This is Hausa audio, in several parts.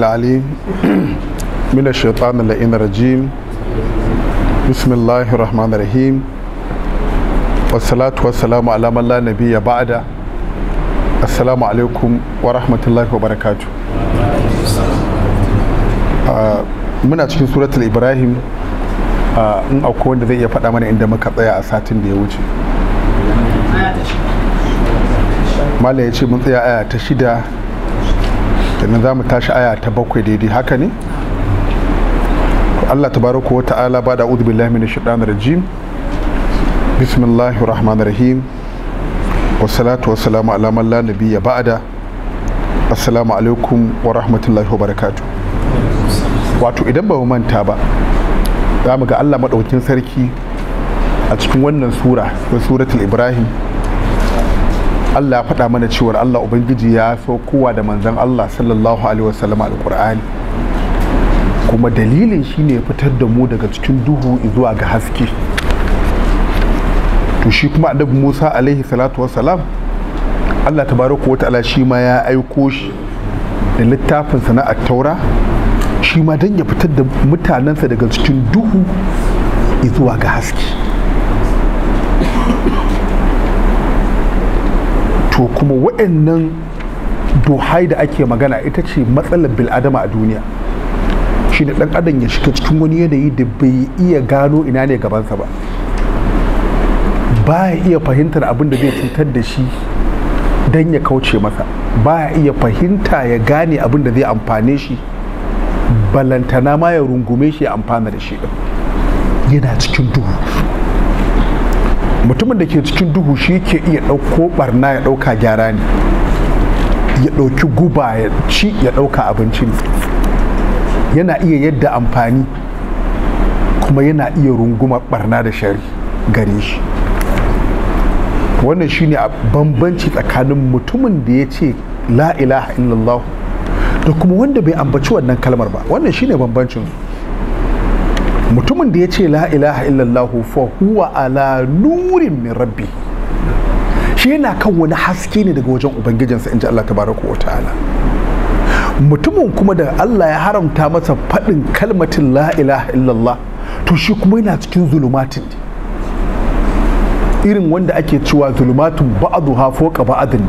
العليم من الشيطان اللئيم الرجيم بسم muna cikin suratul ibrahim in akwai wanda zai iya faɗa mana inda muka tsaya a satin da ya wuce mala ya ce tsaya aya ta shida sannan za mu tashi aya ta bakwai daidai haka ne Allah tabaraka wa ta'ala ba da a'udhu billahi minash shaitanir rajim bismillahir rahmanir rahim wassalatu wassalamu ala man la nabiyya ba'da assalamu alaikum wa rahmatullahi wa barakatu wato idan ba mu manta ba za mu ga Allah maɗaukin sarki a cikin wannan sura suratul ibrahim Allah ya faɗa mana cewa Allah Ubangiji ya kowa da manzan Allah sallallahu alaihi wasallam kuma dalilin shi ne fitar da mu daga cikin duhu zuwa ga haske to shi kuma annabi Musa alaihi salatu wasalam Allah tabaraka wa ta'ala shi ma ya aiko shi da littafin sana'ar taura shi ma don ya fitar da mutanensa daga cikin duhu zuwa ga haske to kuma waɗannan dohai da ake magana ita ce matsalar bil'adama a duniya shi da ɗan adam ya shiga cikin wani yanayi da bai iya gano ina ne gabansa ba Ba ya iya fahimtar abin da zai cutar da shi don ya kauce masa Ba ya iya fahimta ya gane abin da zai amfane shi balantana ma ya rungume shi ya amfana da shi yana cikin duhu mutumin da ke cikin duhu shi ke iya ɗauko barna ya ɗauka gyara ne ya ɗauki guba ya ci ya ɗauka abinci ne yana iya yadda amfani kuma yana iya runguma barna da shari gare shi wannan shine a bambanci tsakanin mutumin da ya ce la ilaha illallah da kuma wanda bai ambaci wannan kalmar ba wannan shine bambancin su mutumin da ya ce la ilaha illallah fa huwa ala nurin min rabbi shi yana kan wani haske ne daga wajen ubangijinsa in ji Allah tabaraka wa ta'ala mutumin kuma da Allah ya haramta masa faɗin kalmatin la ilaha illallah to shi kuma yana cikin zulumatin irin wanda ake cewa zulumatun ba'adu ha foka ba'adin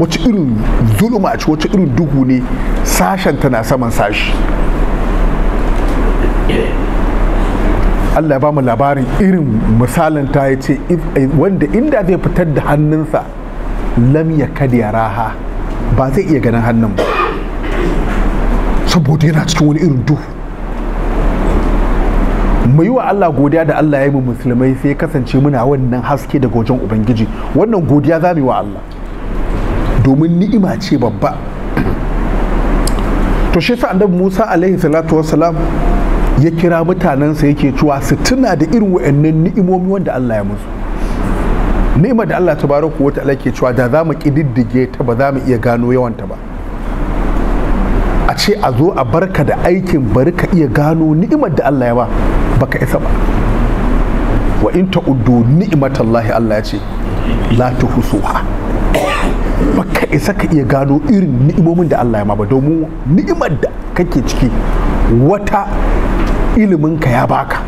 wacce irin zuluma ce wacce irin duhu ne sashen tana saman sashi Allah ya bamu labarin irin misalin ta ya ce eh, wanda inda zai fitar da hannunsa lam ya raha ba zai iya ganin hannun ba saboda yana cikin wani irin duhu mu yi wa Allah godiya da Allah ya yi mu musulmai sai kasance muna wannan haske daga wajen ubangiji wannan godiya za mu yi wa Allah domin ni'ima ce babba to shi sa annabi Musa alaihi salatu wassalam ya kira mutanensa yake cewa su tuna da irin wa'annan ni'imomi wanda Allah ya musu ni'ima da Allah tabaraka wa ta'ala ke cewa da za mu kididdige ta ba za mu iya gano yawanta ba a ce a zo a barka da aikin bari ka iya gano ni'imar da Allah ya ba baka isa ba wa in ni'imat Allah Allah ya ce la tuhsuha baka isa ka iya gano irin ni'imomin da Allah ya ma ba domin ni'imar da kake ciki wata ilimin ka ya baka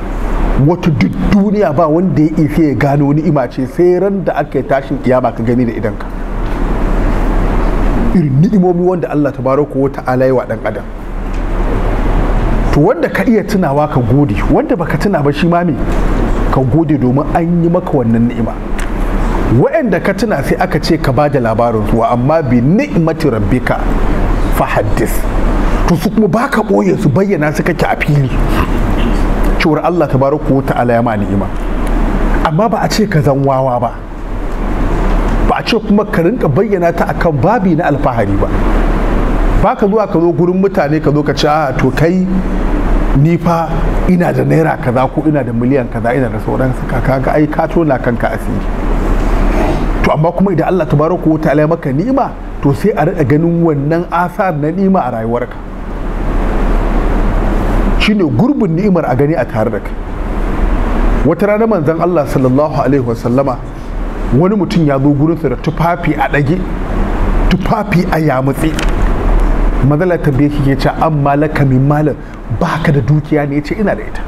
wata duk duniya ba wanda ya isa ya gano ni'ima ce sai ran da aka yi tashin kiyama ka gani da idanka irin ni'imomi wanda Allah ta baro ko ta'ala yi wa dan adam to wanda ka iya tunawa ka gode wanda baka tuna ba shi ma ka gode domin an yi maka wannan ni'ima wa'anda ka tuna sai aka ce ka ba da labarin wa amma bi ni'imati rabbika fa haddis. to su kuma baka ɓoye su bayyana su kake a fili cewar Allah tabaraka wa ta'ala ya ma ni'ima amma ba a ce ka zan wawa ba ba a ce kuma ka rinka bayyana ta akan babi na alfahari ba ba ka zuwa ka zo gurin mutane ka zo ka ce a ah, to kai ni ina da naira kaza ko ina da miliyan kaza ina da sauransu ka ga ai ka tona kanka asiri to amma kuma idan Allah ta tabaraka wa ta'ala maka ni'ima to sai a riƙa ganin wannan asar na ni'ima a rayuwarka shine gurbin ni'imar a gani a tare da kai wata rana manzon Allah sallallahu alaihi wasallama wani mutum ya zo gurinsa da tufafi a ɗage tufafi a yamutse mazala ta shi ke ce an malaka min malam baka da dukiya ne ya ce ina da ita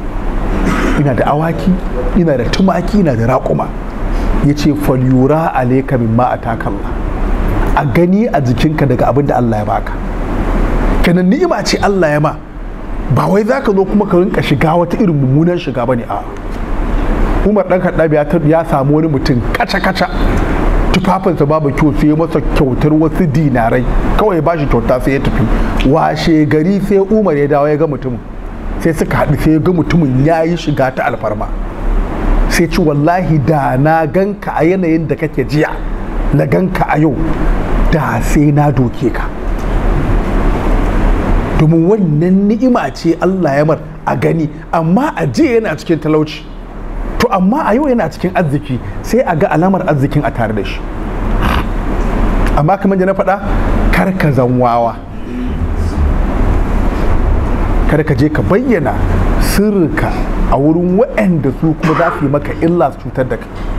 ina da awaki ina da tumaki ina da raƙuma ya ce falyura alaika min ma atakalla a gani a jikinka daga abin da Allah ya baka kenan ni'ima ce Allah ya ma ba wai za ka zo kuma ka rinka shiga wata irin mummunan shiga ba ne a umar dan kaɗabi ya samu wani mutum kaca-kaca tufafinsa babu kyau sai ya masa kyautar wasu dinarai kawai ba shi kyauta sai ya tafi washe gari sai umar ya dawo ya ga mutumin sai suka haɗu sai ya ga mutumin ya yi shiga ta alfarma sai ci wallahi da na ganka a yanayin da kake jiya na ganka a yau da sai na doke ka domin wannan ni'ima ce Allah ya mar a gani amma a je yana cikin talauci to amma a yau yana cikin arziki sai a ga alamar arzikin a tare da shi amma kamar da na faɗa karka zanwawa karka je ka bayyana sirrika a wurin waɗanda su kuma za su yi maka illa su cutar da kai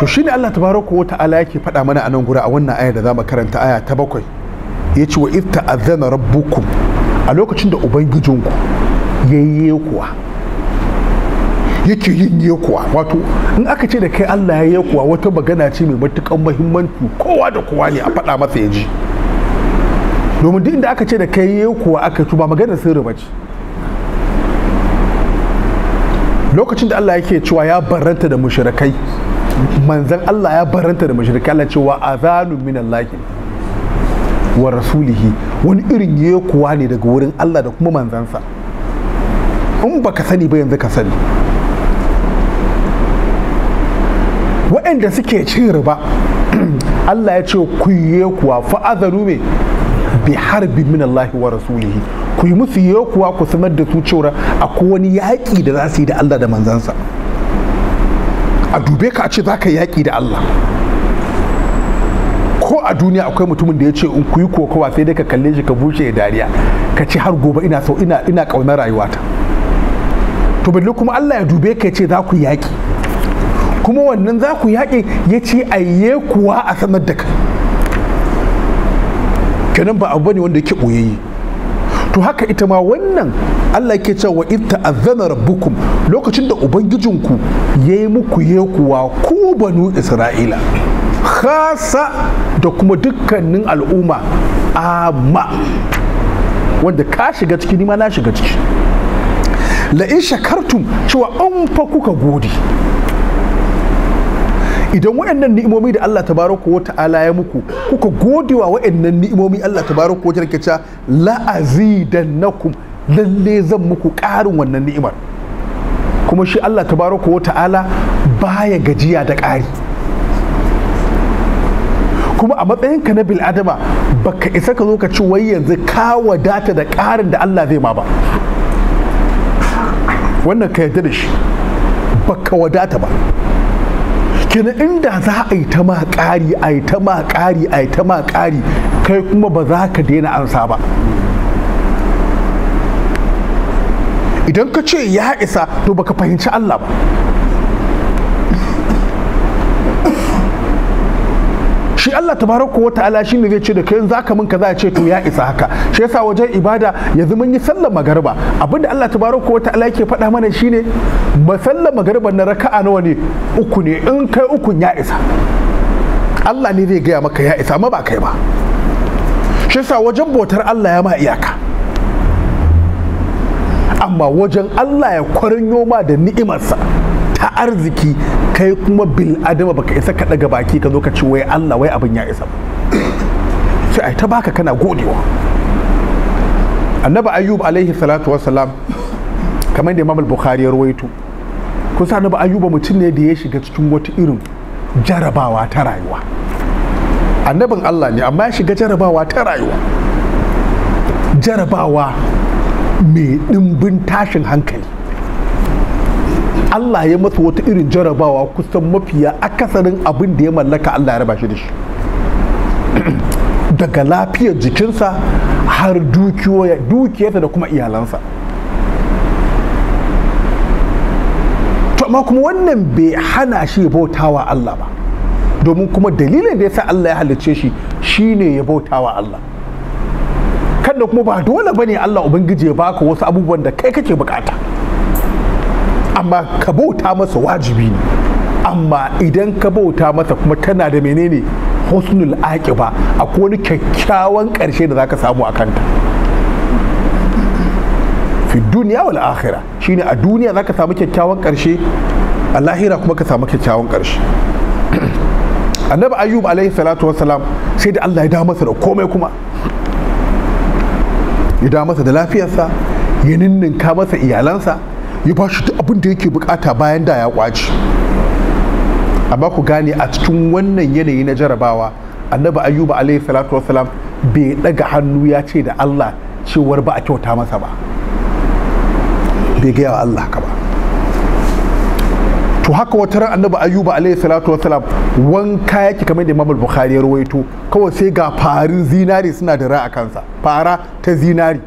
to shi ne Allah ko wa ta'ala yake faɗa mana a nan gura a wannan aya da za mu karanta aya ta bakwai Ya ce wa ita ta'azzana rabbukum a lokacin da ubangijinku yi kuwa yake yin yekuwa wato in aka ce da kai Allah ya yekuwa wata magana ce mai matukan mahimmanci kowa da kowa ne a faɗa masa ya ji domin duk inda aka ce da kai yekuwa aka tuba maganar sun ba ce lokacin da Allah yake cewa ya baranta da mushrikai manzan Allah ya baranta da mashirka Allah cewa azanu min Allah wa rasulihi wani irin ya kuwa ne daga wurin Allah da kuma manzansa in baka sani ba yanzu ka sani waɗanda suke cin riba Allah ya ce ku yi kuwa fa azanu me bi harbi min Allah wa rasulihi ku yi musu yekuwa ku sanar da su cewa akwai wani yaƙi da za su yi da Allah da manzansa a dube ka a ce za ka yaƙi da Allah ko a duniya akwai mutumin da ya ce in kuyi kokowa sai dai ka kalle shi ka bushe ya dariya ka ce har gobe ina so ina ina ƙaunar rayuwata to balle kuma Allah ya dube ka ya ce za ku yaƙi kuma wannan za ku yaƙi ya ce ayye kuwa a sanar da ka kenan ba abu ne wanda yake ɓoyayye to haka ita ma wannan Allah ke cewa ita ta'azzana rabbukum lokacin da ubangijinku yayi muku yekuwa ku banu Isra'ila khasa da kuma dukkanin al'umma amma wanda ka shiga ciki ni ma na shiga ciki la in shakartum cewa an fa kuka gode idan waɗannan ni'imomi da Allah tabaraka wa ta'ala ya muku kuka godewa waɗannan ni'imomi Allah tabaraka wa ta'ala ke cewa la'azidannakum lalle zan muku ƙarin wannan ni'imar kuma shi Allah tabaraka wa ta'ala baya gajiya da ƙari kuma a matsayin ka na bil'adama baka isa ka zo ka ci wai yanzu ka wadata da ƙarin da Allah zai ma ba wannan ka yarda da shi baka wadata ba kenan inda za a yi ta ma ƙari a yi ta ma a yi ta ma kai kuma ba za ka daina ansa ba idan ka ce ya isa to baka fahimci Allah ba shi Allah tabaraka wa ta'ala shine zai ce da kai za ka mun kaza ya ce to ya isa haka shi yasa wajen ibada yanzu mun yi sallar magariba abinda Allah tabaraka wa ta'ala yake faɗa mana shine sallar magariban na raka'a nawa ne uku ne in kai ukun ya isa Allah ne zai gaya maka ya isa amma ba kai ba shi yasa wajen bautar Allah ya ma iyaka amma wajen Allah ya kwarin yoma da ni'imarsa ta arziki kai kuma bil adama baka isa ka daga baki ka zo ka ci wai Allah wai abin ya isa sai ai ta baka kana godewa annabi ayyub alaihi salatu wassalam kamar da imam al-bukhari ya ruwaito kun sa annabi ayyuba mutum ne da ya shiga cikin wata irin jarabawa ta rayuwa annabin Allah ne amma ya shiga jarabawa ta rayuwa jarabawa mai dimbin tashin hankali Allah ya masa wata irin jarabawa kusan mafiya akasarin abin da ya mallaka Allah ya raba shi da shi daga lafiyar jikinsa har dukiyarsa da kuma iyalansa To amma kuma wannan bai hana shi bautawa Allah ba domin kuma dalilin da ya sa Allah ya halicce shi shi ne ya bautawa Allah kada kuma ba dole bane Allah ubangiji ya baka wasu abubuwan da kai kake bukata amma ka bauta masa wajibi ne amma idan ka bauta masa kuma tana da menene husnul aqiba akwai wani kyakkyawan ƙarshe da zaka samu a kanta fi duniya wal akhira shine a duniya zaka samu kyakkyawan ƙarshe a lahira kuma ka samu kyakkyawan ƙarshe annabi ayyub alaihi salatu salam sai da Allah ya da masa da komai kuma ya da masa da lafiyarsa ya ninninka masa iyalansa ya ba shi abin da yake bukata bayan da ya kwaci amma ku gane a cikin wannan yanayi na jarabawa annabi ayyuba alaihi salatu wasalam bai daga hannu ya ce da allah cewar ba a kyauta masa ba bai gaya wa allah ka ba to haka wata ran annabi ayyuba alaihi salatu wasalam wanka yake kamar da imam bukhari ya rawaito kawai sai ga farin zinari suna da ra'a kansa fara ta zinari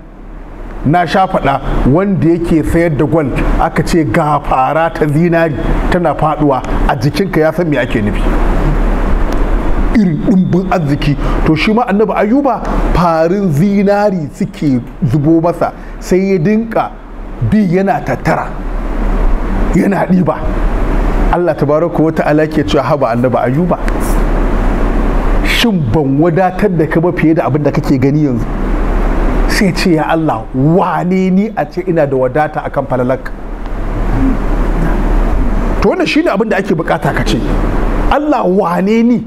na sha faɗa wanda yake sayar da gwal aka ce ga fara ta zinari tana faɗuwa a jikinka ya san me ake nufi irin ɗumbin arziki to shi ma annabi ayuba farin zinari suke zubo masa sai ya dinka bi yana tattara yana ɗiba allah tabaraka wata ala ke cewa haba annabi ayuba shin ban wadatar da ka ba fiye da abin da kake gani yanzu sai ce ya Allah wane ni a ce ina da wadata a kan falalak to wannan shine abin da ake bukata ka ce Allah wane ni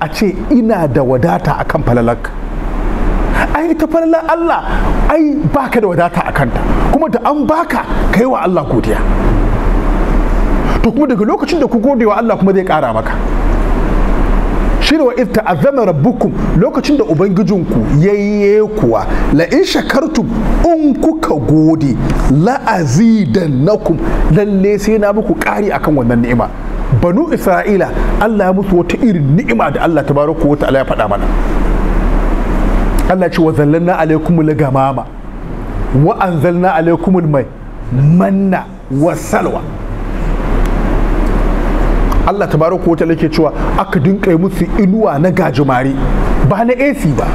a ce ina da wadata a kan falalak ai ta falalar Allah ai baka da wadata a kanta kuma da an baka yi wa Allah godiya to kuma daga lokacin da ku gode wa Allah kuma zai kara maka shine wa idh azama rabbukum lokacin da ubangijinku yayye kuwa la in shakartum in kuka gode la azidannakum lalle sai na muku kari akan wannan ni'ima banu isra'ila Allah ya musu wata irin ni'ima da Allah tabaraka wa ta'ala ya faɗa mana Allah ce wa zallanna alaikumul gamama wa anzalna alaikumul mai manna wasalwa. Allah tabaraka wa ta'ala ke cewa aka dinka musu inuwa na gajimare ba na AC ba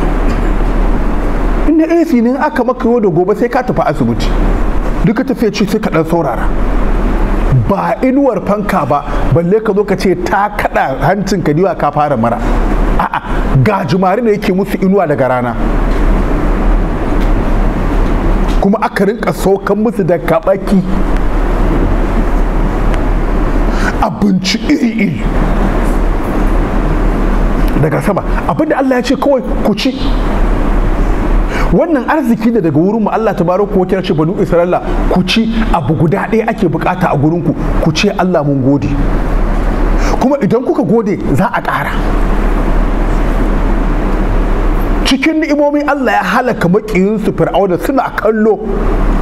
in na AC ne aka maka yau da gobe sai ka tafi asibiti duka tafiya ce sai ka dan saurara ba inuwar fanka ba balle ka zo ka ce ta kaɗa hancin ka diwa ka fara mara a'a gajimare ne yake musu inuwa daga rana kuma aka rinka saukan musu da kabaki abinci iri-iri daga sama abinda Allah ya ce kawai ku ci wannan arziki da daga wurin mu Allah ta baro wa na ce banu isra'ila ku ci abu guda ɗaya ake bukata a gurinku ku ku ce Allah mun gode kuma idan kuka gode za a ƙara cikin ni'imomi Allah ya halaka maƙiyinsu fir'auna suna kallo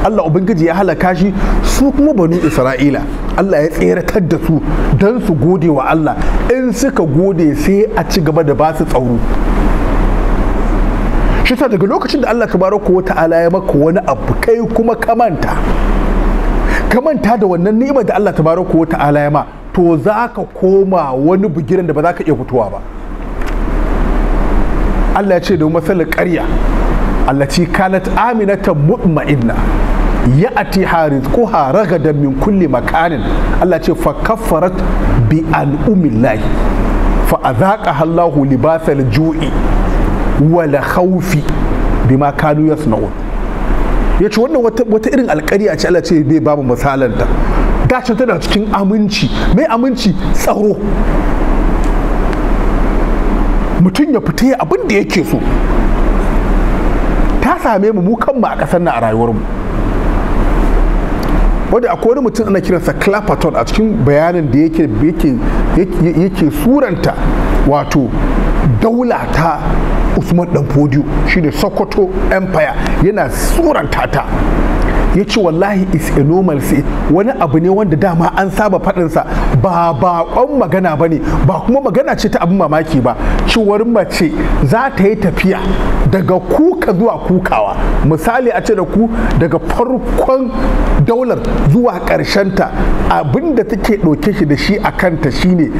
Allah ubangiji ya halaka shi su kuma banu Isra'ila Allah ya tseratar da su don su gode wa Allah in suka gode sai a ci gaba da ba su tsaro shi sa daga lokacin da Allah tabaraka wa ta'ala ya maka wani abu kai kuma kamanta kamanta da wannan ni'imar da Allah tabaraka wa ta'ala ya ma to za ka koma wani bugiran da ba za ka iya fitowa ba Allah ya ce da masal ƙarya allati kanat aminatan mutma'inna ko haraga da min kulli makanin Allah ce fa kaffarat bi al'umillahi fa a zaƙa hallahu libasar ju'i wala khawfi bima kanu Ya ce wannan wata irin alƙariya ce Allah ce bai ba mu misalanta dace tana cikin aminci mai aminci tsaro mutum ya fita abin da yake so ta same mu mu kanmu a ƙasar na a rayuwarmu wadda akwai wani mutum ana kiransa clapperton a cikin bayanin da yake yake suranta wato daula ta usman dan fodiyo shine sokoto empire yana suranta ta ya ce wallahi is a normal sai wani abu ne wanda dama an saba faɗinsa ba baƙon magana ba ne ba kuma magana ce ta abin mamaki ba ciwar mace za ta yi tafiya daga kuka zuwa kukawa misali a ce da ku daga farkon daular zuwa ƙarshenta abinda take ɗauke shi da shi a kanta shine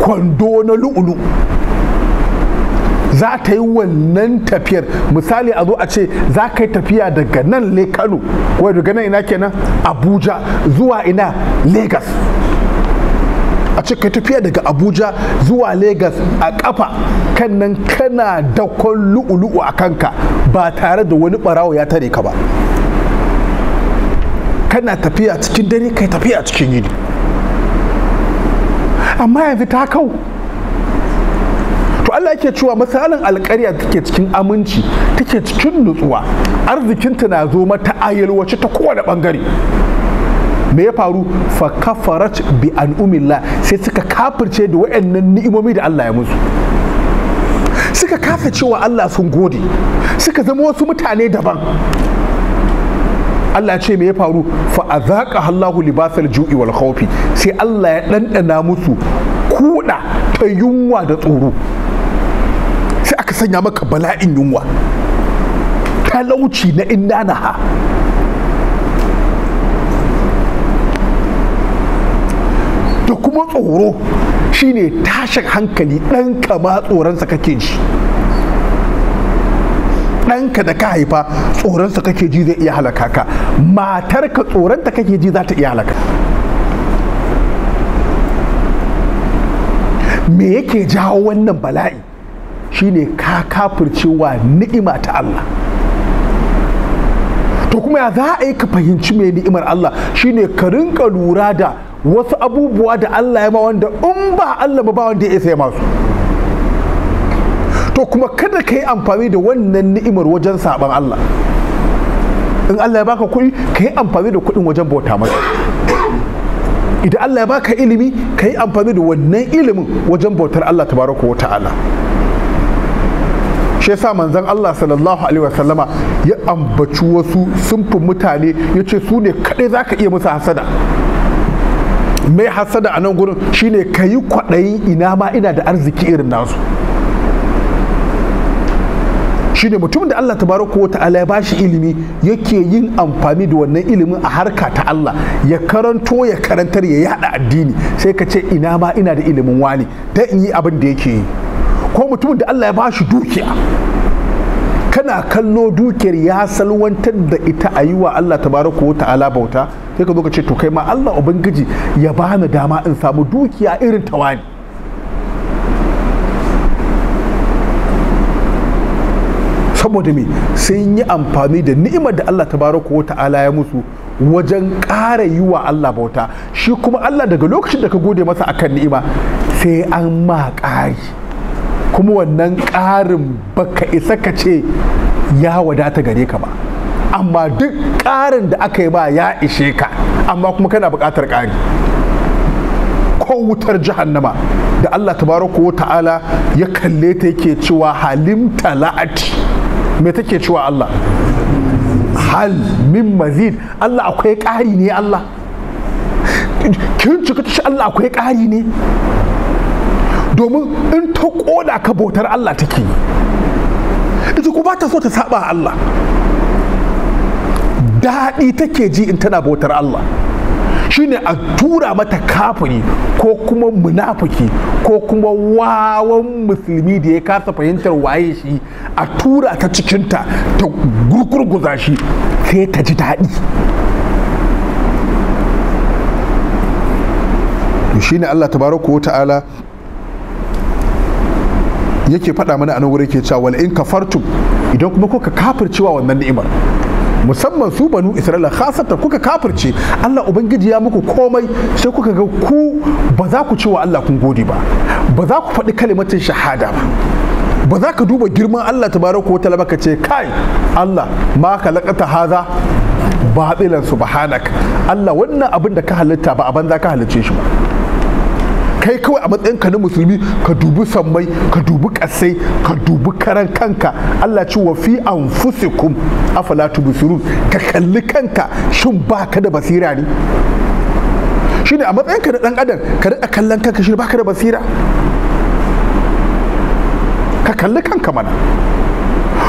kwando na lu'ulu za ta yi wannan tafiyar misali a zo a ce za ka yi tafiya daga nan le kano wai daga nan ina kenan abuja zuwa ina lagos a ce ka tafiya daga abuja zuwa legas a kafa kan nan kana dakon lu'ulu'u a kanka ba tare da wani barawo ya tare ka ba kana tafiya cikin dare kai tafiya cikin yini amma yanzu ta kau to Allah yake cewa misalin alƙarya take cikin aminci take cikin nutsuwa arzikinta na zo mata ayalwace ta kowane bangare me ya faru fa kafarat bi an'umillah sai suka kafirce da waɗannan ni'imomi da Allah ya musu suka kasa cewa Allah sun gode suka zama wasu mutane daban Allah ce me ya faru fa azaka Allahu libasal ju'i wal khawfi sai Allah ya ɗanɗana musu kuɗa ta yunwa da tsoro sanya maka bala'in yunwa talauci na ha da kuma tsoro shine tashin hankali ɗanka ma tsoronsa kake ji ɗanka da ka haifa tsoronsa kake ji zai iya halaka ka matarka tsoronta kake ji za ta iya halaka me yake jawo wannan bala'i shine ka kafircewa ni'ima ta Allah to kuma ya za a yi ka fahimci mai ni'imar Allah shine ka rinka lura da wasu abubuwa da Allah ya ma wanda in ba Allah ba ba wanda ya isa ya masu to kuma kada ka yi amfani da wannan ni'imar wajen saban Allah in Allah ya baka kuɗi ka yi amfani da kuɗin wajen bauta masa idan Allah ya baka ilimi ka yi amfani da wannan ilimin wajen bautar Allah tabaraka wa ta'ala shi yasa manzon Allah sallallahu alaihi wa sallama ya ambaci wasu sunfin mutane ya ce su ne kaɗai za ka iya musu hasada mai hasada a nan gurin shine ka yi kwaɗayin ina ma ina da arziki irin nasu shine mutum da Allah tabaraka wa ta'ala ya bashi ilimi yake yin amfani da wannan ilimin a harka ta Allah ya karanto ya karantar ya yada addini sai ka ce ina ma ina da ilimin wani dan yi abin da yake yi ko mutumin da Allah ya ba shi dukiya kana kallo dukiyar ya salwantar da ita a yi wa Allah tabaraka wa ta'ala bauta sai ka zo ka ce to kai ma Allah ubangiji ya bani dama in samu dukiya irin tawani saboda me sun yi amfani da ni'imar da Allah tabaraka wa ta'ala ya musu wajen ƙara yi wa Allah bauta shi kuma Allah daga lokacin da ka gode masa akan ni'ima sai an ma ƙari kuma wannan ƙarin baka isa ka ce ya wadata gare ka ba amma duk ƙarin da aka yi ba ya ishe ka amma kuma kana buƙatar ƙari ko wutar jahannama da Allah baro wa ta'ala ya kalle ta yake cewa halim tala'ati me take cewa Allah hal min mazid Allah akwai ƙari ne Allah kin cika ta Allah akwai ƙari ne domin in ta koda ka bautar Allah take yi ita ku ba ta so ta saba Allah daɗi take ji in tana bautar Allah shine a tura mata kafiri ko kuma munafiki ko kuma wawan musulmi da ya kasa fahimtar waye shi a tura ta cikinta ta gurgurguza shi sai ta ji daɗi shine Allah tabaraka wa ta'ala yake faɗa mana a nan ke cewa wal in kafartum idan kuma kuka kafircewa wannan ni'imar musamman su banu isra'ila khasata kuka kafirce allah ubangiji ya muku komai sai kuka ga ku ba za ku ce wa allah kun gode ba ba za ku faɗi kalimatin shahada ba ba za ka duba girman allah tabaraka wa ta'ala ka ce kai allah ma khalaqata haza batilan subhanak allah wannan abin da ka halitta ba a banza ka halicce shi ba kai kawai a matsayinka na musulmi ka dubi sammai ka dubi kasai ka dubi karan kanka Allah ci wa fi anfusikum afala tubsirun ka kalli kanka shin baka da basira ne shine a matsayinka na dan adam ka rika kallon kanka shin baka da basira ka kalli kanka mana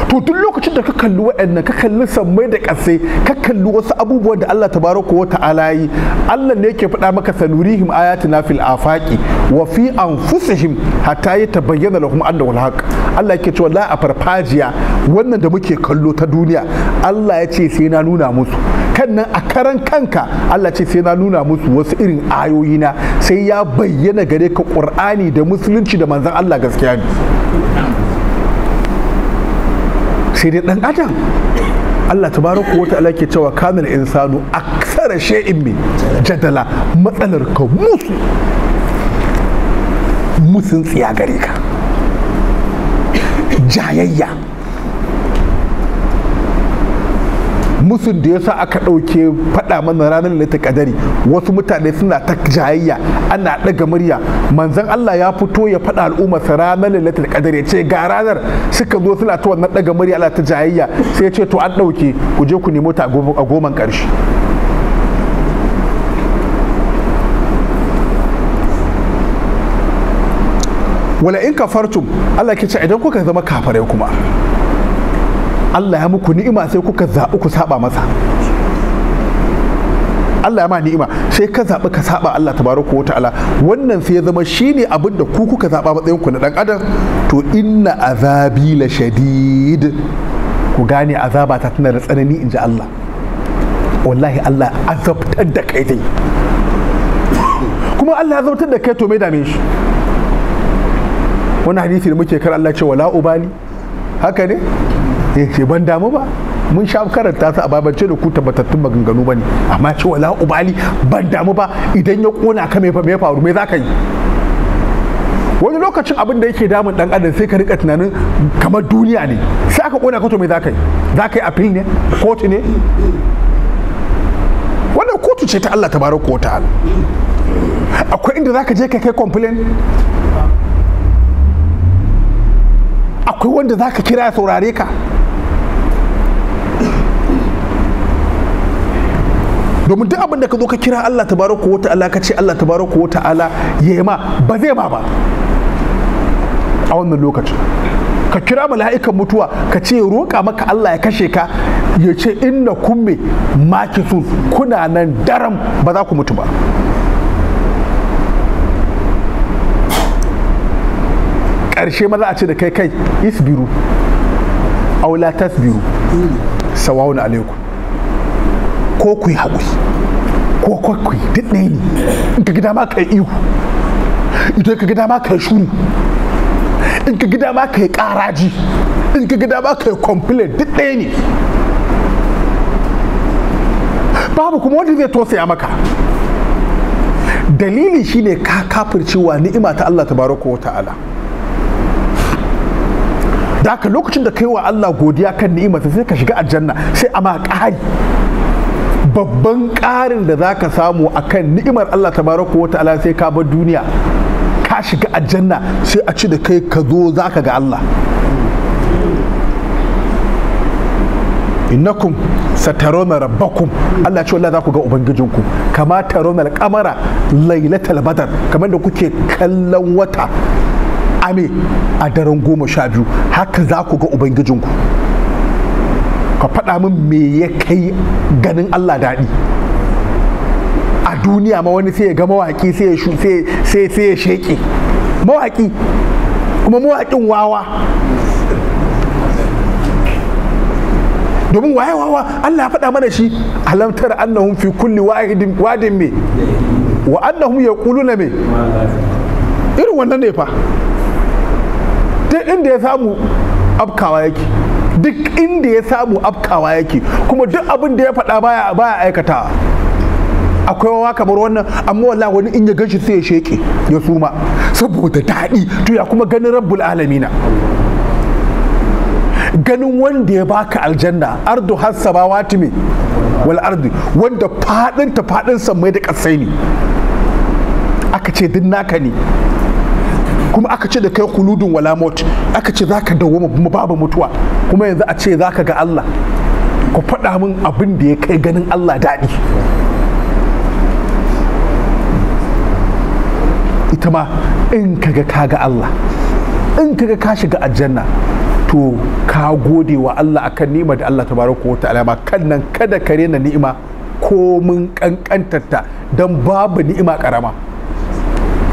to duk lokacin da ka kalli waɗannan ka kalli sammai da ƙasai ka kalli wasu abubuwan da Allah tabaraka wa ta'ala yi Allah ne yake faɗa maka sanurihim ayatina fil afaqi wa fi anfusihim hatta yatabayyana lahum annahu alhaq Allah yake cewa la a farfajiya wannan da muke kallo ta duniya Allah ya ce sai na nuna musu kan a karan kanka Allah ce sai na nuna musu wasu irin ayoyina sai ya bayyana gare ka Qur'ani da musulunci da manzon Allah gaskiya ne sai dai dan adam Allah ta tabaraka wa ta'ala ke cewa kanal insanu aksara shay'in min jadala matsalar ka musu musun tsiya gare ka jayayya musun da yasa aka ɗauke faɗa mana ranar lalatul kadari wasu mutane suna ta jayayya ana ɗaga murya manzon Allah ya fito ya faɗa al'ummarsa ranar lalatul kadari ya ce ga ranar suka zo suna ta wannan ɗaga murya Allah ta jayayya sai ya ce to an ɗauke ku je ku nemo ta a goman ƙarshe wala in kafartum Allah ke ce idan kuka zama kafarai kuma Allah ya muku ni'ima sai kuka zaɓi ku saba masa Allah ya ma ni'ima sai ka zaɓi ka saba Allah tabaraka wa ta'ala wannan sai ya zama shine abin da ku kuka zaɓa matsayin ku na dan adam to inna azabi la shadid ku gane azaba ta tana da tsanani in ji Allah wallahi Allah azabtar da kai dai kuma Allah azabtar da kai to me dame shi wani hadisi da muke kar Allah ce wala ubali haka ne ya eh, ce ban damu ba mun sha karanta su a babance da ku tabbatattun maganganu ba ne amma ce wala ubali ban damu ba idan ya kona ka me me faru me za ka yi wani lokacin abin da yake damun dan adam sai ka rika tunanin kamar duniya ne sai aka kona ka to me za ka yi za ka yi appeal ne kotu ne wannan kotu ce ta Allah tabaraka wa ta'ala akwai inda za ka je kai kai complain akwai wanda za ka kira ya saurare ka domin duk abin da ka zo ka kira Allah tabaraka wa ta'ala ka ce Allah tabaraka wa ta'ala ya ma ba zai ma ba a wannan lokacin ka kira mala'ikan mutuwa ka ce roƙa maka Allah ya kashe ka ya ce inna kumme makisun kuna nan daram ba za ku mutu ba ƙarshe maza a ce da kai kai isbiru aula tasbiru sawawun alaikum ko ku yi haƙuri ko ku yi duk ɗaya ne in ka gida ma ka yi ihu in ka gida ma ka yi shuru in ka gida ma ka yi ƙaraji in ka gida ma ka yi complain duk ɗaya ne babu kuma wani zai tosaya maka dalili ne ka kafircewa ni'ima ta Allah tabaraka wa ta'ala da lokacin da kai wa Allah godiya kan ni'imarsa sai ka shiga aljanna sai a ma ƙari babban ƙarin da zaka samu a kan ni'imar Allah tabaraka wa ta'ala sai ka bar duniya ka shiga aljanna sai a ci da kai ka zo za ka ga Allah innakum satarona rabbakum Allah ce wallahi za ku ga ubangijinku kama tarona alqamara lailatul badr kamar da kuke kallon wata ame a daren goma sha biyu haka za ku ga ubangijinku ka faɗa min me ya kai ganin Allah daɗi a duniya ma wani sai ya ga mawaƙi sai ya sheƙe mawaƙi kuma mawaƙin wawa domin waye wawa Allah ya faɗa mana shi alamtar annahum fi kulli wahidin wadin me wa annahum yaquluna me irin wannan ne fa duk inda ya samu afkawa yake duk inda ya samu afkawa yake kuma duk abin da ya faɗa baya baya aikata akwai wawa kamar wannan amma wallahi wani in ya ganshi sai ya sheke ya suma saboda daɗi to ya kuma ganin rabbul alamina ganin wanda ya baka aljanna ardu hassaba watimi wal ardi wanda fadin ta fadin san mai da kasai ne aka ce din naka ne kuma aka ce da kai kuludun wala mot aka ce zaka dawo babu mutuwa kuma yanzu a ce za ka ga Allah ku faɗa min abin da ya kai ganin Allah daɗi ita ma in kaga ka ga Allah in kaga ka shiga aljanna to ka gode wa Allah akan ni'ima da Allah tabaraka wa ta'ala ma kannan kada ka rena ni'ima ko mun kankantarta don babu ni'ima karama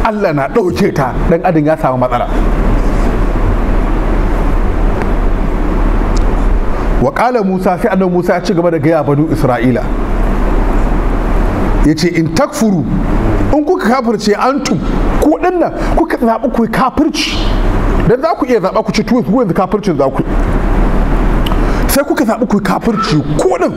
Allah na ɗauke ta ɗan adam ya samu matsala wa ƙala musa sai annabi musa ya ci gaba da gaya banu isra'ila ya ce in takfuru in kuka kafirce antum ku dinnan kuka zaɓi ku kafirci dan za ku iya zaɓa ku ci tuwo ku yanzu kafircin za ku sai kuka zaɓi ku kafirci ku din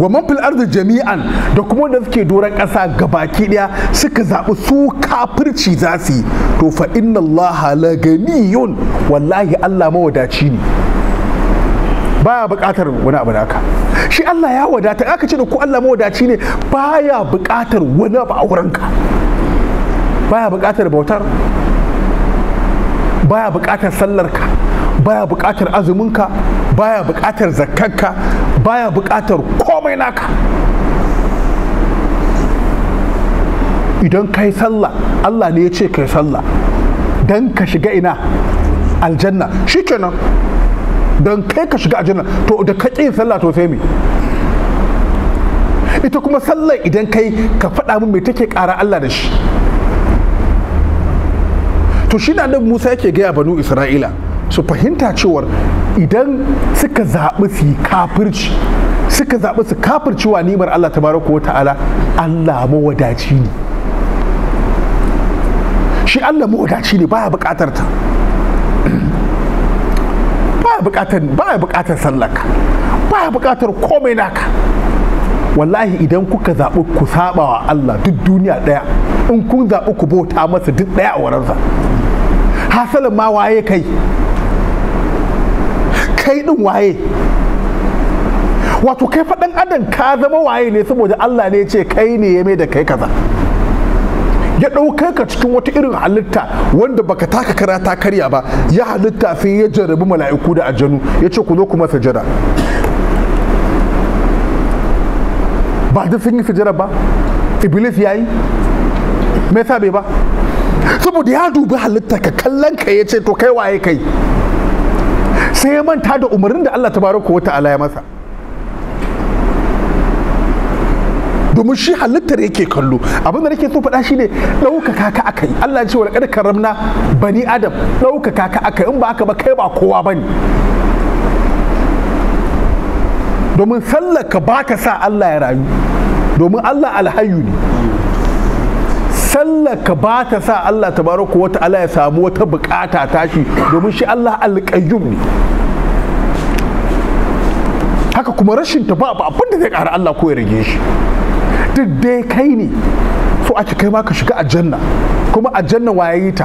gwamman filar da jami'an da kuma wanda suke doron ƙasa gabaki ɗaya suka zaɓi su kafirci za su yi to fa inna allaha la yun. wallahi allah mawadaci ne baya buƙatar wani abu naka shi Allah ya wadata aka ce da ku Allah mawadaci ne baya buƙatar wani abu a wurinka baya buƙatar bautar baya buƙatar sallarka baya buƙatar azuminka baya buƙatar zakkanka baya buƙatar komai naka idan kai sallah Allah ne ya ce kai sallah don ka shiga ina aljanna shi shikenan don kai ka shiga ajiyar to da ka ƙi sallah to sai me ita kuma sallar idan kai ka faɗa min mai take ƙara Allah da shi to shi da Musa yake gaya banu Isra'ila su fahimta cewar idan suka zaɓi su kafirci suka zaɓi su kafirci wa nimar Allah tabaraka wa ta'ala Allah mawadaci ne shi Allah mawadaci ne baya buƙatar ta baya bukatar baya bukatar sallaka baya bukatar komai naka wallahi idan kuka zaɓi ku saba wa Allah duk duniya ɗaya in kun zaɓi ku bauta masa duk ɗaya a wurinsa hasalin ma waye kai kai ɗin waye wato kai faɗin adam ka zama waye ne saboda Allah ne ya ce kai ne ya mai da kai kaza ya ɗaukar ka cikin wata irin halitta wanda baka taka kara ta karya ba ya halitta sai ya jarabi mala'iku da ajanu ya ce ku zo kuma fijira ba duk sun yi ba iblis ya yi me sabe ba saboda ya dubi halitta ka kallon ka ya ce to kai waye kai sai ya manta da umarnin da Allah tabaraka wa ta'ala ya masa domin shi halittar yake kallo abin da nake so faɗa shi ne ɗaukaka ka yi Allah ya ce wa laqad karamna bani adam ɗaukaka ka yi in ba aka ba kai ba kowa bane domin sallaka ka sa Allah ya rayu domin Allah alhayu ne sallaka ba ta sa Allah tabaraka wa ta'ala ya samu wata bukata tashi domin shi Allah alƙayyum ne haka kuma rashin ta ba abin da zai ƙara Allah ko ya rage shi duk dai kai ne so ake kai ma ka shiga aljanna kuma a aljanna waye ta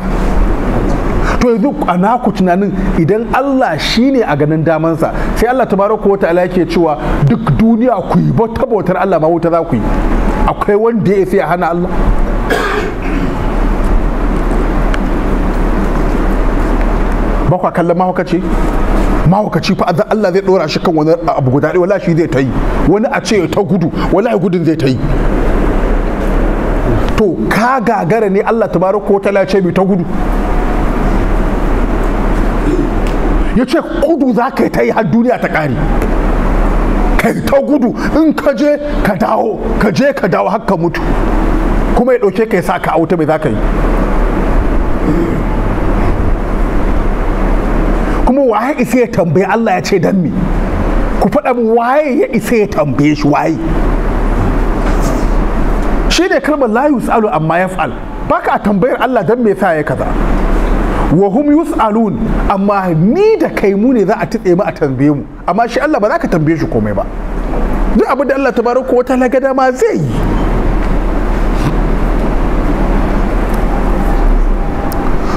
to yanzu a naku tunanin idan Allah shi ne a ganin damansa sai Allah tabaraka wa ta'ala yake cewa duk duniya ku yi bauta bautar Allah ma wuta za ku yi akwai wanda ya sai hana Allah Bakwa kwa kallon mahaukaci mahaukaci fa adan Allah zai dora shi kan wani abu guda ɗaya wallahi shi zai ta yi wani a ce ta gudu wallahi gudun zai ta yi to ka gagara ne Allah tabaraka ta ce bi ta gudu ya ce gudu za ka ta yi har duniya ta ƙare kai ta gudu in ka je ka dawo ka je ka dawo har ka mutu kuma ya ɗauke ka ya sa ka auta mai za ka yi waye isa ya tambaye Allah ya ce dan me ku faɗa mu waye ya isa ya tambaye shi waye shi ne kalmar la yus'alu amma yaf'al baka tambayar Allah dan me yasa ya kaza wa hum yus'alun amma ni da kai mu ne za a tutse mu a tambaye mu amma shi Allah ba za ka tambaye shi komai ba duk abin da Allah tabaraka wa ta'ala ga dama zai yi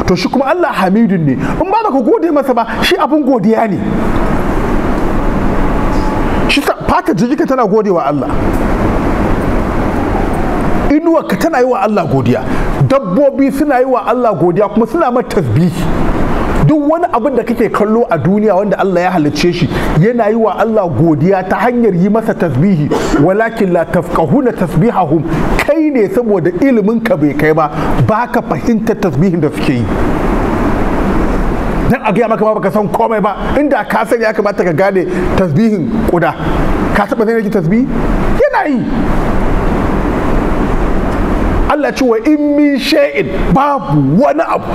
to shi kuma Allah hamidun ne in ba ka gode masa ba shi abin godiya ne shi fata jijika tana gode wa Allah inuwa ka tana yi wa Allah godiya dabbobi suna yi wa Allah godiya kuma suna mata tasbihi duk wani abin da kake kallo a duniya wanda Allah ya halicce shi yana yi wa Allah godiya ta hanyar yi masa tasbihi walakin la tafqahuna tasbihahum kai ne saboda ilimin ka bai kai ba baka fahimtar tasbihin da suke yi dan a gaya maka ba baka san komai ba inda ka san ya kamata ka gane tasbihin kuda ka taba sanin tasbihi yana yi Allah ce wa in min shay'in babu wani abu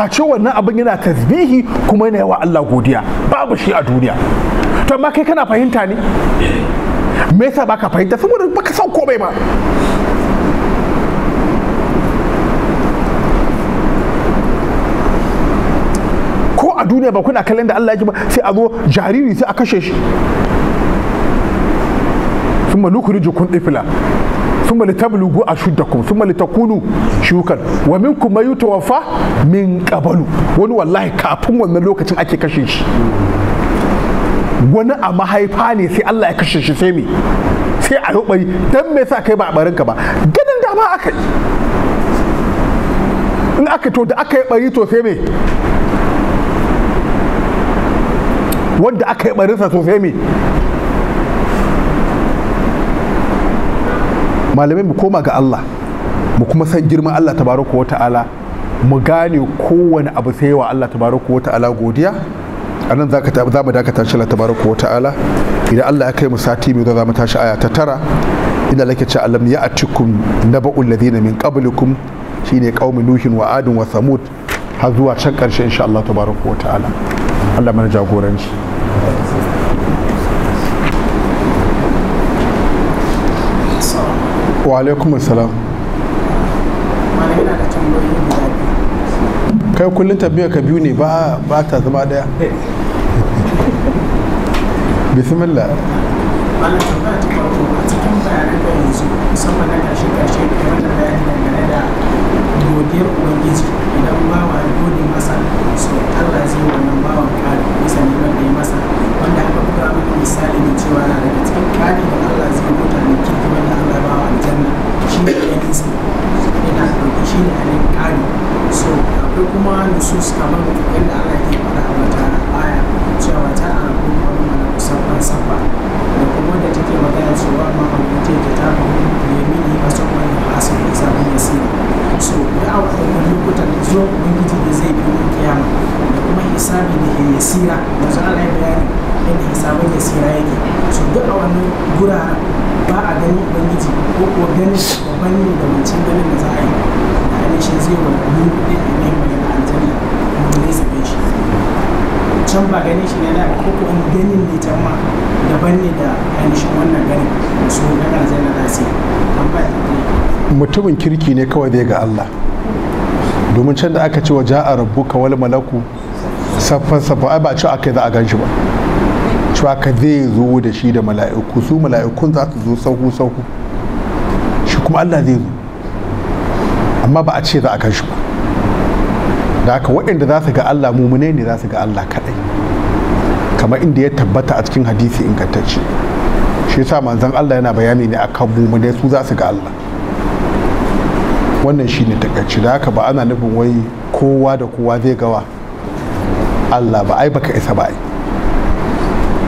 face wannan abin yana tasbihi kuma yana yawa Allah godiya babu shi a duniya to amma kai kana fahimta ne me yasa baka fahimta saboda baka san komai ba ko a duniya ba kuna kallon da Allah yake ba sai a zo jariri sai a kashe shi sun malukuri jikun ɗifila ثم لتبلغوا أشدكم ثم لتكونوا شيوخا ومنكم من يتوفى من قبل wani wallahi kafin wannan lokacin ake kashe shi wani a mahaifa ne sai Allah ya kashe shi sai me sai a yi dan me sa kai ba a barinka ba ganin da aka aka yi barinsa to me malamai mu koma ga Allah mu kuma san girman Allah tabaraka wa ta'ala mu gane kowane abu sai wa Allah tabaraka wa ta'ala godiya a nan za mu dakata shi Allah tabaraka wa ta'ala idan Allah ya kai mu sati mai za mu tashi aya ta tara inda lake ce alam ya atikum naba'ul ladina min qablikum shine qaumin nuhin wa adun wa samud har zuwa can karshe insha Allah tabaraka wa ta'ala Allah mana jagoranci wa alaikum assalam kai kullum tabbiyar ka biyu ne ba ta zama daya eh. bismillah malam tambaya ta farko a cikin bayanan da yanzu musamman na gashe gashe da wannan bayani na da godiyar ubangiji idan bawa ya gode masa so allah zai wannan bawan kari bisa ne da ya masa wanda aka buga maka misali da cewa na daga cikin kari da allah zai mutane kirki wanda allah bawa aljanna shi ne yankinsa yana ɗauki shi ne a nan ƙari so akwai kuma nusus kamar yadda ana ke faɗa a wata baya cewa ta a kuma wani mana musamman sabba da kuma da take magana cewa ma abuce ta ta ba mun yamini ba son wani hasu da sabon yasira so ya akwai lokutan da zuwa ubangiji da zai biyo kiyama da kuma hisabi da yasira da za a ya bayani yadda samu ya sira yake su duk a wannan gura ba a ganin ubangiji ko ko ganin babban yin da wancan ganin da za a yi da shi zai wa mun kuɗi a nan mai da a wani ne sabe shi can ba ganin shi ne na ko ko ganin ne can ma daban ne da ainihin wannan ganin su na aljanna za su yi mutumin kirki ne kawai dai ga Allah domin can da aka ce wa ja'a rabbuka wal malaku saffan saffan ai ba a ce aka yi za a gan shi ba cewa ka zai zo da shi da mala'iku su mala'ikun za su zo sauku sauku shi kuma Allah zai zo amma ba a ce za a kan shi ba da haka waɗanda za su ga Allah mumune ne za su ga Allah kaɗai kamar inda ya tabbata a cikin hadisi ingantacce shi sa manzan Allah yana bayani ne a kan mumune su za su ga Allah wannan shi ne takaici da haka ba ana nufin wai kowa da kowa zai gawa Allah ba ai baka isa ba ai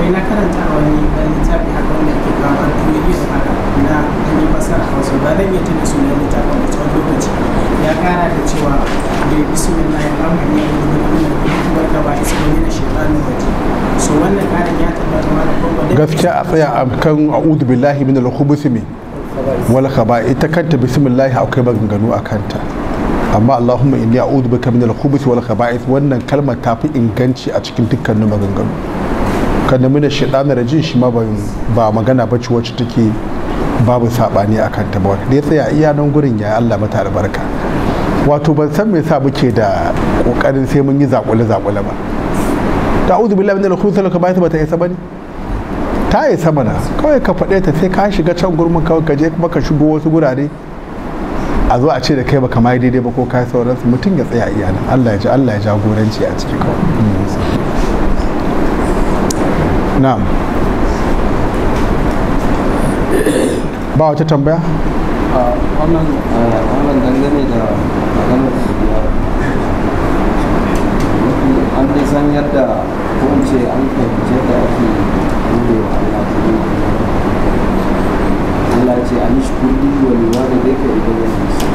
akwai na karanta a wani ɗan littafi kan wanda ke kawo yi da haka na an yi a hausa ba zan iya tuna sunan littafin da tsawon lokaci ya kara da cewa da bismillah ya kama ne da wannan kuma da ba isa ne na shaytanin waje so wannan karin ya tabbata ma da kuma gaskiya a tsaya a kan a'udu billahi min al-khubuthi min wal khaba'i ita kanta bismillah akwai maganganu a kanta amma allahumma inni a'udhu bika min al-khubuthi wal khaba'ith wannan kalmar ta fi inganci a cikin dukkanin maganganu ka nemi da shaɗanar jin shi ma ba magana ba ci wacce take babu saɓani a kan ta ba da ya tsaya iya nan gurin ya Allah mata albarka wato ban san me sa muke da kokarin sai mun yi zaƙule zaƙule ba ta'udhu billahi min al-khusal ka ba ta isa bane ta yi sama na kawai ka faɗe ta sai ka shiga can gurmin kawai ka je kuma ka shigo wasu gurare a zo a ce da kai baka ma daidai ba ko ka sauransu mutum ya tsaya nan Allah ya ji Allah ya jagoranci a ciki kawai na'am ba wata tambaya wannan wannan dangane da maganar an dai san yadda ko in ce an fahimci yadda ake gudewa Allah Allah ce an yi shukuri wa liwa da dai ka ido ya nisa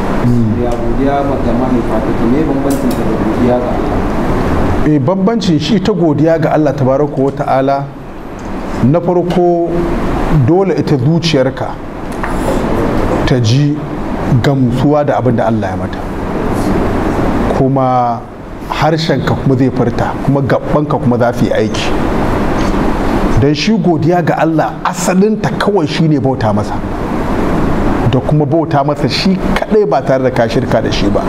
ya godiya ba ga mahaifa ta ke ne bambancin ta da godiya ga Allah eh bambancin shi ta godiya ga Allah tabaraka wa ta'ala na farko dole ita zuciyarka ta ji gamsuwa da abin da allah ya mata kuma harshenka kuma zai furta kuma gabanka kuma za su yi aiki don shi godiya ga allah asalinta kawai shine bauta masa da kuma bauta masa shi kadai ba tare da kashirka da shi ba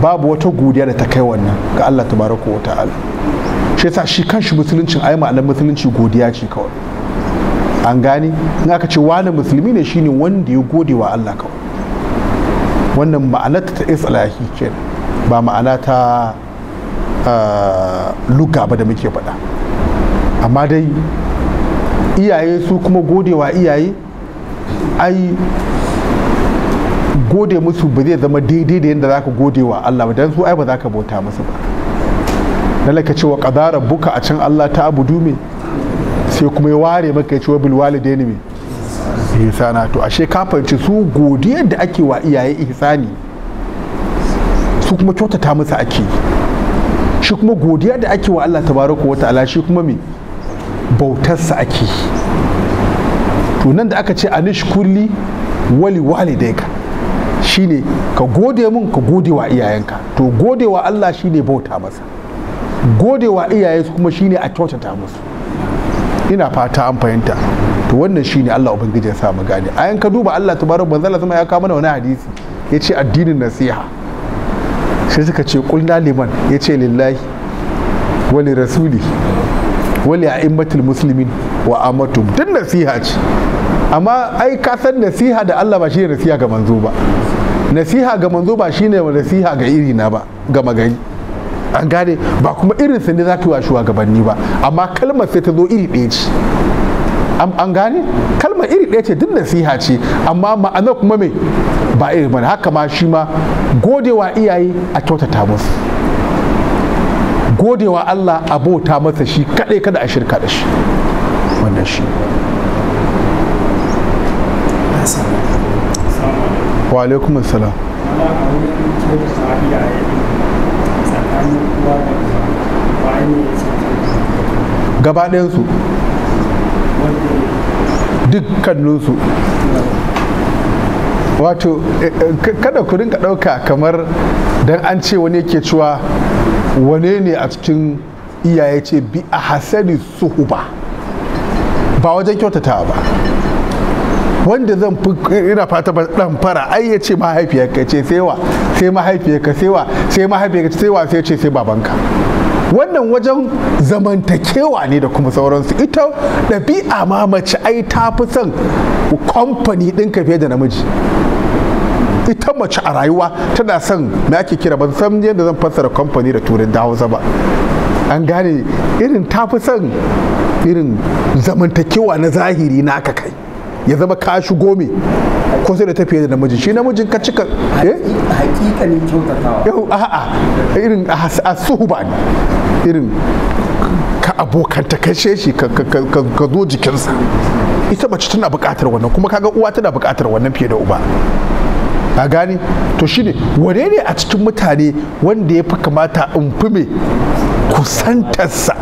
babu wata godiya da ta kai wannan ga allah baraka wa ta'ala shi sa shi kanshi musuluncin ai ma'anar musulunci godiya ce kawai an gane in aka ce wani musulmi ne shine wanda ya gode wa Allah kawai wannan ma'ana ta islahi ce ba ma'ana ta ah, luka ba da muke faɗa amma dai iyaye su kuma gode wa iyaye ai gode musu ba zai zama daidai da yadda za ka gode wa Allah ba don su ai ba za ka bauta musu ba lalaka cewa ƙadarar buka a can Allah ta abu dume sai kuma ya ware maka ya ce wa bilwalidaini me ihsana to ashe ka fahimci su godiyar da ake wa iyaye ihsani su kuma kyautata musu ake shi kuma godiya da ake wa Allah tabaraka wata'ala shi kuma me bautarsa ake to nan da aka ce anish kulli wali shi shine ka gode mun ka gode wa iyayenka to gode wa Allah shine bauta masa gode wa iyaye kuma shine a kyautata musu ina fata an fahimta to wannan shine Allah ubangiji ya samu gani gane ayan ka duba Allah tabaraka manzo zama ya kawo mana wani hadisi yace addinin nasiha sai suka ce kulna liman yace lillahi wani rasuli wali a'immatul muslimin wa amatu din nasiha ce amma ai ka san nasiha da Allah ba shine nasiha ga manzo ba nasiha ga manzo ba shine nasiha ga irina ba ga magani an gane ba kuma irin sa ne za ka yi wa shugabanni ba amma kalmar sai ta zo iri ɗaya ce an gane kalmar iri ɗaya ce duk nasiha ce amma ma'ana kuma mai ba iri bane haka ma shi ma godewa iyaye a kyautata musu godewa Allah a bauta masa shi kaɗai kada a shirka da shi wannan shi wa alaikumussalam salam gaba ɗayansu dukkaninsu wato eh, eh, kada ku rinka ɗauka kamar dan an ce wani yake cewa wane ne a cikin iyaye ce bi a hasari suhuba ba wajen kyautata ba wanda zan fi ina fata ba fara ai ya ce mahaifiyar ce sai wa sai mahaifiyarka sai wa sai mahaifiyarka sai wa sai ce sai babanka wannan wajen zamantakewa ne da kuma sauransu ita ɗabi'a ma mace ai ta fi son kamfani ɗinka fiye da namiji ita mace a rayuwa tana son me ake kira ban san yadda zan fassara kamfani da turin da hausa ba an gane irin ta fi son irin zamantakewa na zahiri na aka kai ya zama ka shigo me ko sai da tafiye da namijin shi namijin ka cika eh hakikanin kyautatawa yau a'a irin a suhuba ne irin ka abokanta kashe shi ka zo jikinsa ita mace tana buƙatar wannan kuma kaga uwa tana buƙatar wannan fiye da uba a gani to shine wane ne a cikin mutane wanda ya fi kamata in fi me kusantarsa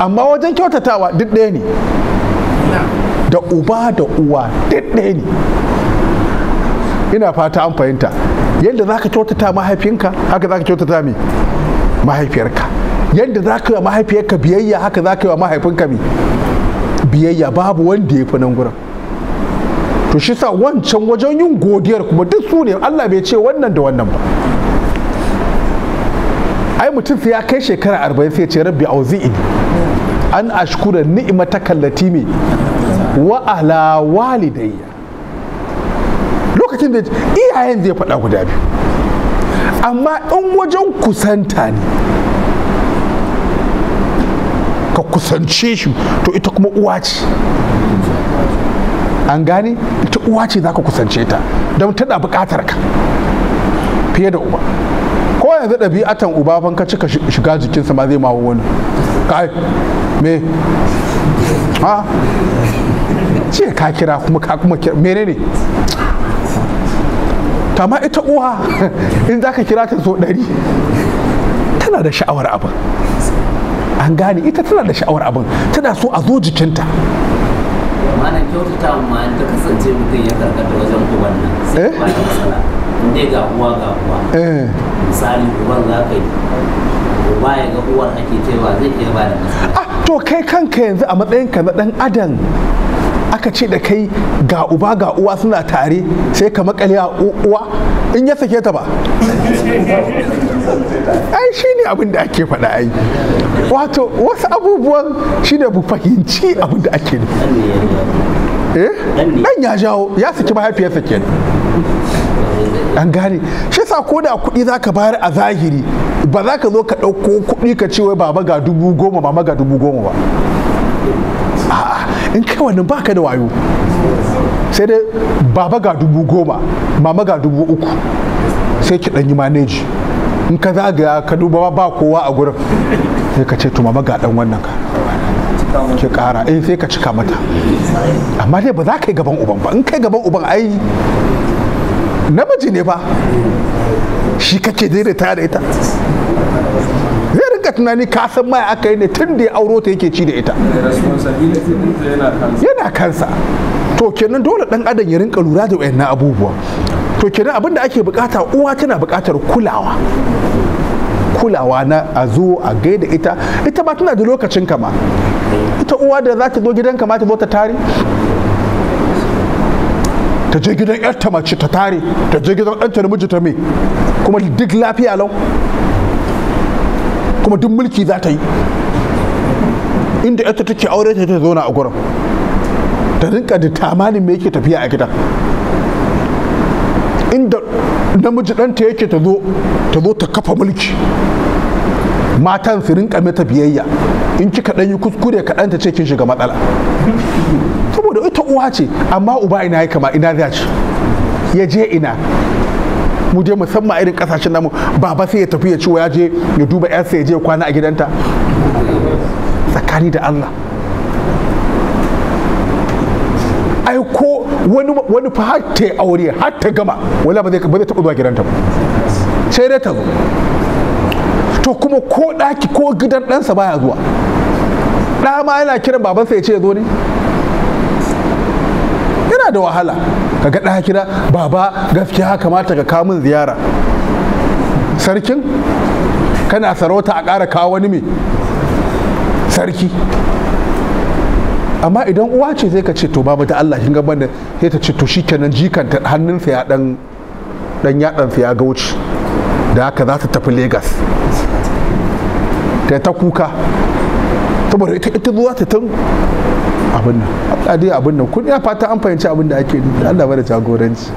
amma wajen kyautatawa duk ɗaya ne da uba da uwa ɗaya ne ina fata an fahimta yadda za ka kyautata mahaifinka haka za ka kyautata mai mahaifiyarka yadda za ka yi wa mahaifiyarka biyayya haka za ka yi wa mahaifinka mai biyayya babu wanda ya fi nan gurin to shi sa wancan wajen yin godiyar kuma duk su ne Allah bai ce wannan da wannan ba ai mutum sai ya kai shekara arba'in sai ce rabbi auzi'ini an ashkura ni'imata kallati mai wa ala walidayya lokacin da iyayen zai faɗa guda biyu amma in wajen kusanta ne ka kusance shi to ita kuma uwa ce an gane ita uwa ce za ka kusance ta don tana buƙatar ka fiye da uba ko yanzu ɗabi'atan uba fan cika shiga jikinsa ma zai ma wani kai me a ce ka kira kuma ka kuma kira menene ma ita uwa in za ka kira ta so ɗari tana da sha'awar abin an gane ita tana da sha'awar abin tana so a zo jikinta ga uwa ga uwa eh. misali uwar za ka yi ga uwar ake cewa zai iya ba da to kai kanka yanzu a matsayinka na ɗan adam aka ce da kai ga uba ga uwa suna tare sai ka makale a uwa in ya sake ta ba ai shi ne abin da ake faɗa ai wato wasu abubuwan shi da bu fahimci abin da ake eh dan ya jawo ya saki mahaifiyarsa kenan an gane shi sa ko da kuɗi zaka bayar a zahiri ba za ka zo ka ɗauko kuɗi ka ce wai baba ga dubu goma mama ga dubu goma ba in kai wannan baka da wayo sai dai baba ga dubu goma mama ga dubu uku sai ki ɗanyi maneji in ka zagaya ka duba ba kowa a gurin sai ka ce to mama ga ɗan wannan ka ki ƙara in eh, sai ka cika mata amma dai ba za ka yi gaban uban ba in kai gaban uban ai namiji ne ba shi kake daidaita da ita zai rika tunani ka san mai aka yi ne tun da ya auro ta yake ci da ita yana kansa to kenan dole dan adam ya rinka lura da wayannan abubuwa to kenan abin da ake bukata uwa tana bukatar kulawa kulawa na a zo a gaida ita ita ba tana da lokacin kama ita uwa da za ta zo gidan kama ta zo ta tare ta je gidan yarta mace ta tare ta je gidan ɗanta namiji ta me kuma duk lafiya lau kuma duk mulki za ta yi inda ita take aure ta ta zauna a gurin ta rinka da tamanin me yake tafiya a gida inda namiji ɗanta yake ta zo ta zo ta kafa mulki matan su rinka mata biyayya in kika ɗanyi kuskure kaɗan ɗanta ce kin shiga matsala saboda ita uwa ce amma uba ina ya kama ina za ce ya je ina mu je musamman irin kasashen namu baba sai ya tafi ya ci ya je ya duba yarsa ya je kwana a gidanta tsakani da Allah ai ko wani wani fa har ta aure har ta gama wala ba zai ba zai taɓa zuwa gidanta ba sai dai ta zo to kuma ko ɗaki ko gidan ɗansa baya zuwa ɗa ma yana kiran babansa ya ce ya zo ne yana da wahala ka ga ɗaya kira baba gaskiya kamata ka kamun min ziyara sarkin kana sarauta a ƙara kawo wani mai sarki amma idan uwa ce zai ka ce to babu ta Allah kin gaban da sai ta ce to shikenan jikanta hannunsa ya dan dan yadansa ya gauci da haka za ta tafi Legas ta ta kuka saboda ita ita zuwa ta tun abin nan Allah dai abin nan kun ya fata an fahimci abin da ake nufi Allah bada jagoranci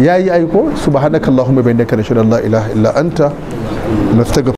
yayi aiko subhanakallahumma bihamdika nashhadu an la ilaha illa anta nastaghfiruka